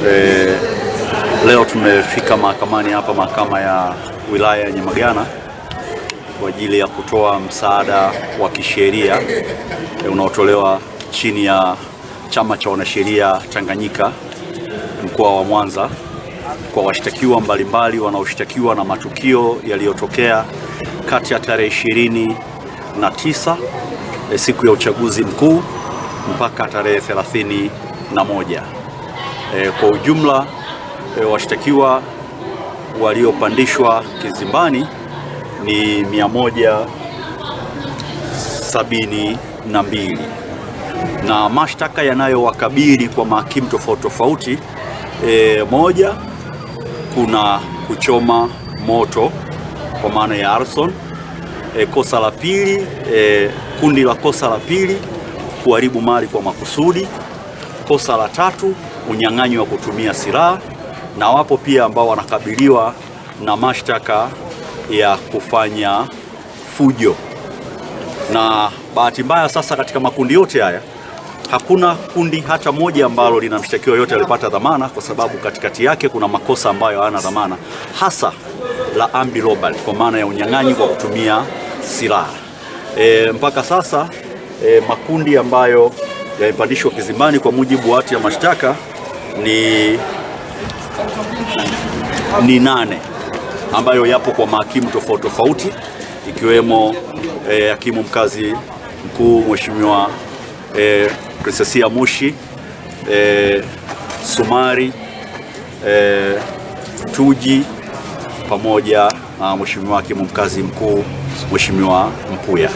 E, leo tumefika mahakamani hapa mahakama ya wilaya ya Nyamagana kwa ajili ya kutoa msaada wa kisheria e, unaotolewa chini ya Chama cha Wanasheria Tanganyika mkoa wa Mwanza kwa washtakiwa mbalimbali wanaoshtakiwa na matukio yaliyotokea kati ya tarehe ishirini na tisa eh, siku ya uchaguzi mkuu mpaka tarehe thelathini na moja. E, kwa ujumla e, washtakiwa waliopandishwa kizimbani ni mbili na mashtaka yanayowakabili kwa mahakimu tofauti tofauti e, moja kuna kuchoma moto kwa maana ya arson. E, kosa la pili e, kundi la kosa la pili kuharibu mali kwa makusudi. Kosa la tatu unyang'anyi wa kutumia silaha, na wapo pia ambao wanakabiliwa na mashtaka ya kufanya fujo. Na bahati mbaya sasa, katika makundi yote haya hakuna kundi hata moja ambalo lina mshtakiwa yote alipata dhamana, kwa sababu katikati yake kuna makosa ambayo hayana dhamana, hasa la ambilobal kwa maana ya unyang'anyi kwa kutumia silaha. E, mpaka sasa e, makundi ambayo yamepandishwa kizimbani kwa mujibu wa hati ya mashtaka ni, ni nane ambayo yapo kwa mahakimu tofauti tofauti ikiwemo eh, hakimu mkazi mkuu Mheshimiwa eh, Princessia Mushi eh, Sumari eh, Tuji pamoja na uh, Mheshimiwa hakimu mkazi mkuu Mheshimiwa Mpuya.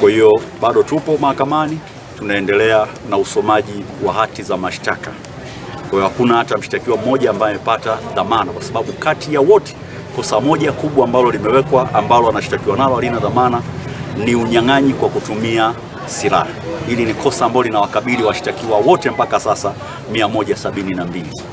Kwa hiyo bado tupo mahakamani tunaendelea na usomaji wa hati za mashtaka. Kwa hiyo hakuna hata mshtakiwa mmoja ambaye amepata dhamana, kwa sababu kati ya wote kosa moja kubwa ambalo limewekwa ambalo anashtakiwa nalo halina dhamana ni unyang'anyi kwa kutumia silaha. Hili ni kosa ambalo linawakabili washtakiwa wote mpaka sasa 172.